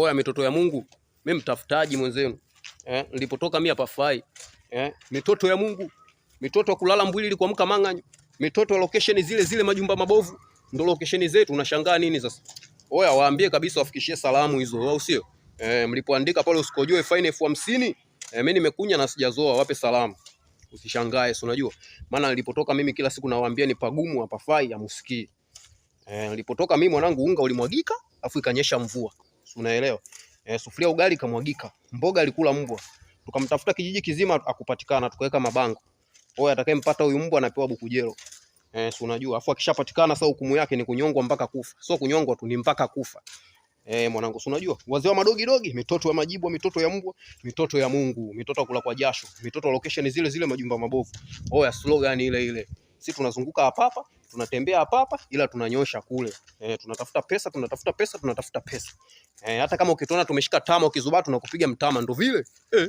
oya mitoto ya Mungu, mimi mtafutaji mwenzenu eh, nilipotoka mimi hapa fai eh, mitoto ya Mungu, mitoto ya kulala mbwili ili kuamka mang'anyo, mitoto ya location zile zile majumba mabovu, ndio location zetu. Unashangaa nini sasa? Oya waambie kabisa, wafikishie salamu hizo, au sio? Eh, mlipoandika pale usikojoe fine elfu hamsini eh, mimi nimekunya na sijazoa, wape salamu. Usishangae, si unajua maana nilipotoka mimi kila siku nawaambia ni pagumu hapa fai, hamsikii. Eh, nilipotoka mimi mwanangu, unga ulimwagika afu ikanyesha mvua unaelewa e, sufuria ugali kamwagika, mboga alikula mbwa. Tukamtafuta kijiji kizima akupatikana, tukaweka mabango, oye atakayempata huyu mbwa anapewa bukujelo. e, si unajua, afu akishapatikana sasa hukumu yake ni kunyongwa mpaka kufa. Sio kunyongwa tu, ni mpaka kufa. Eh, mwanangu, si unajua, wazee wa madogi dogi, mitoto ya majibu, mitoto ya mbwa, mitoto ya Mungu, mitoto kula kwa jasho, mitoto location zile zile, majumba mabovu. Oya slogan ile ile, sisi tunazunguka hapa hapa tunatembea hapa hapa, ila tunanyosha kule e, tunatafuta pesa tunatafuta pesa tunatafuta pesa e, hata kama ukituona tumeshika tama ukizubaa tunakupiga mtama ndo vile e.